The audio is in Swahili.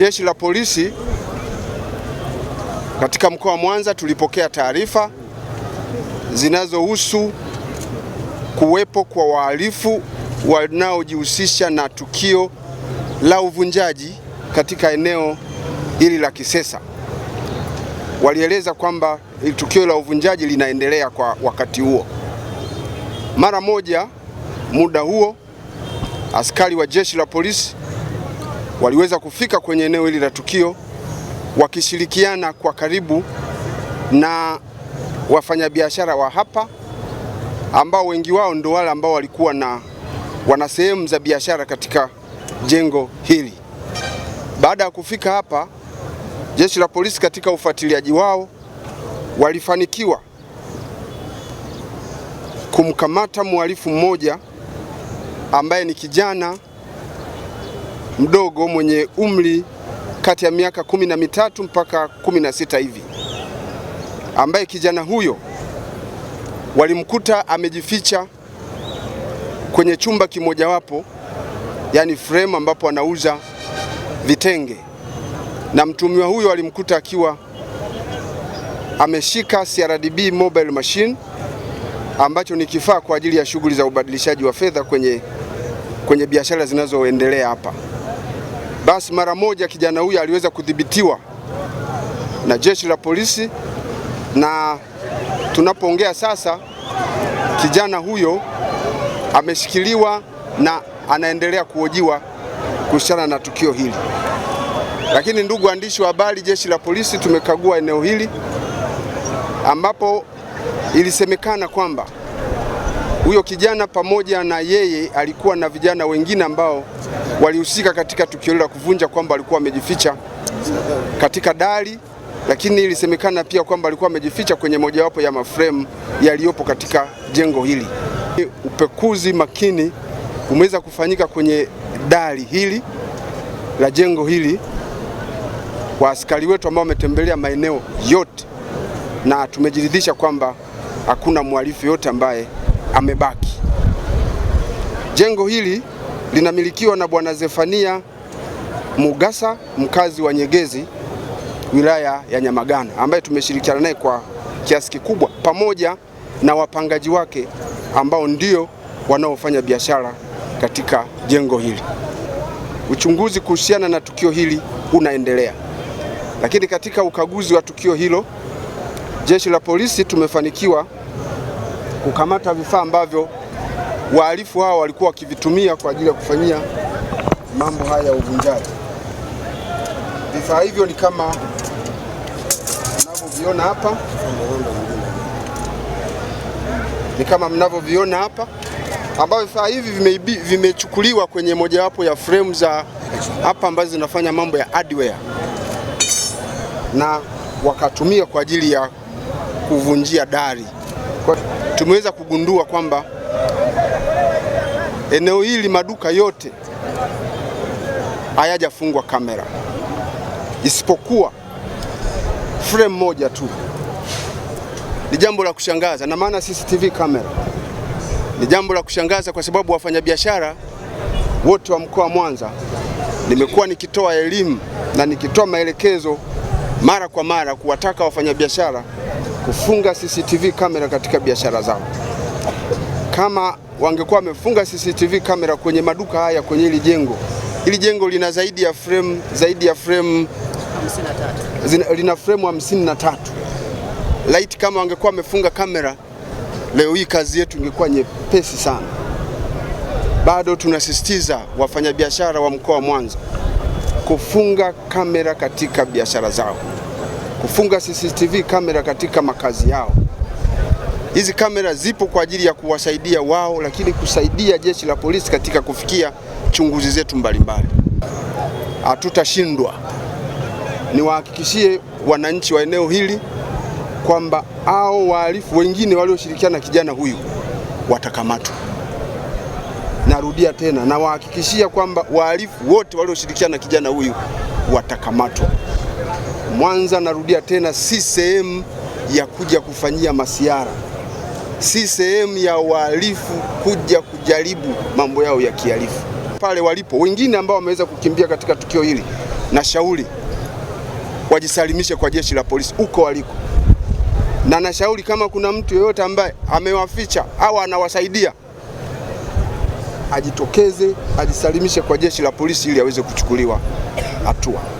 Jeshi la polisi katika mkoa wa Mwanza tulipokea taarifa zinazohusu kuwepo kwa wahalifu wanaojihusisha na tukio la uvunjaji katika eneo hili la Kisesa. Walieleza kwamba tukio la uvunjaji linaendelea kwa wakati huo. Mara moja muda huo, askari wa jeshi la polisi waliweza kufika kwenye eneo hili la tukio wakishirikiana kwa karibu na wafanyabiashara wa hapa ambao wengi wao ndio wale ambao walikuwa na wana sehemu za biashara katika jengo hili. Baada ya kufika hapa, jeshi la polisi katika ufuatiliaji wao walifanikiwa kumkamata mhalifu mmoja ambaye ni kijana mdogo mwenye umri kati ya miaka kumi na mitatu mpaka kumi na sita hivi, ambaye kijana huyo walimkuta amejificha kwenye chumba kimojawapo, yani frame ambapo anauza vitenge, na mtumiwa huyo alimkuta akiwa ameshika CRDB mobile machine ambacho ni kifaa kwa ajili ya shughuli za ubadilishaji wa fedha kwenye, kwenye biashara zinazoendelea hapa basi mara moja kijana huyu aliweza kudhibitiwa na jeshi la polisi, na tunapoongea sasa kijana huyo ameshikiliwa na anaendelea kuhojiwa kuhusiana na tukio hili. Lakini ndugu waandishi wa habari, jeshi la polisi tumekagua eneo hili ambapo ilisemekana kwamba huyo kijana pamoja na yeye alikuwa na vijana wengine ambao walihusika katika tukio la kuvunja, kwamba alikuwa amejificha katika dari, lakini ilisemekana pia kwamba alikuwa amejificha kwenye mojawapo ya mafremu yaliyopo katika jengo hili. Upekuzi makini umeweza kufanyika kwenye dari hili la jengo hili kwa askari wetu ambao wametembelea maeneo yote, na tumejiridhisha kwamba hakuna mhalifu yote ambaye amebaki. Jengo hili linamilikiwa na Bwana Zefania Mugasa, mkazi wa Nyegezi, wilaya ya Nyamagana, ambaye tumeshirikiana naye kwa kiasi kikubwa pamoja na wapangaji wake ambao ndio wanaofanya biashara katika jengo hili. Uchunguzi kuhusiana na tukio hili unaendelea, lakini katika ukaguzi wa tukio hilo, jeshi la polisi tumefanikiwa kukamata vifaa ambavyo wahalifu hao walikuwa wakivitumia kwa ajili ya kufanyia mambo haya ya uvunjaji. Vifaa hivyo ni kama mnavyoviona hapa, ni kama mnavyoviona hapa, ambavyo vifaa hivi vimechukuliwa vime kwenye mojawapo ya frame za hapa ambazo zinafanya mambo ya hardware na wakatumia kwa ajili ya kuvunjia dari kwa tumeweza kugundua kwamba eneo hili maduka yote hayajafungwa kamera isipokuwa frame moja tu. Ni jambo la kushangaza, na maana CCTV kamera ni jambo la kushangaza kwa sababu wafanyabiashara wote wa mkoa wa Mwanza nimekuwa nikitoa elimu na nikitoa maelekezo mara kwa mara kuwataka wafanyabiashara kufunga CCTV kamera katika biashara zao. Kama wangekuwa wamefunga CCTV kamera kwenye maduka haya kwenye hili jengo, hili jengo lina zaidi ya frame, zaidi ya frame 53. Zina, lina frame tatu. Light kama wangekuwa wamefunga kamera leo hii kazi yetu ingekuwa nyepesi sana. Bado tunasisitiza wafanyabiashara wa mkoa wa Mwanza kufunga kamera katika biashara zao kufunga CCTV kamera katika makazi yao. Hizi kamera zipo kwa ajili ya kuwasaidia wao, lakini kusaidia jeshi la polisi katika kufikia chunguzi zetu mbalimbali. Hatutashindwa. Niwahakikishie wananchi wa eneo hili kwamba hao wahalifu wengine walioshirikiana na kijana huyu watakamatwa. Narudia tena, nawahakikishia kwamba wahalifu wote walioshirikiana na kijana huyu watakamatwa. Mwanza, narudia tena, si sehemu ya kuja kufanyia masiara, si sehemu ya wahalifu kuja kujaribu mambo yao ya kihalifu pale walipo. Wengine ambao wameweza kukimbia katika tukio hili, na shauri wajisalimishe kwa jeshi la polisi huko waliko, na nashauri kama kuna mtu yeyote ambaye amewaficha au anawasaidia ajitokeze, ajisalimishe kwa jeshi la polisi ili aweze kuchukuliwa hatua.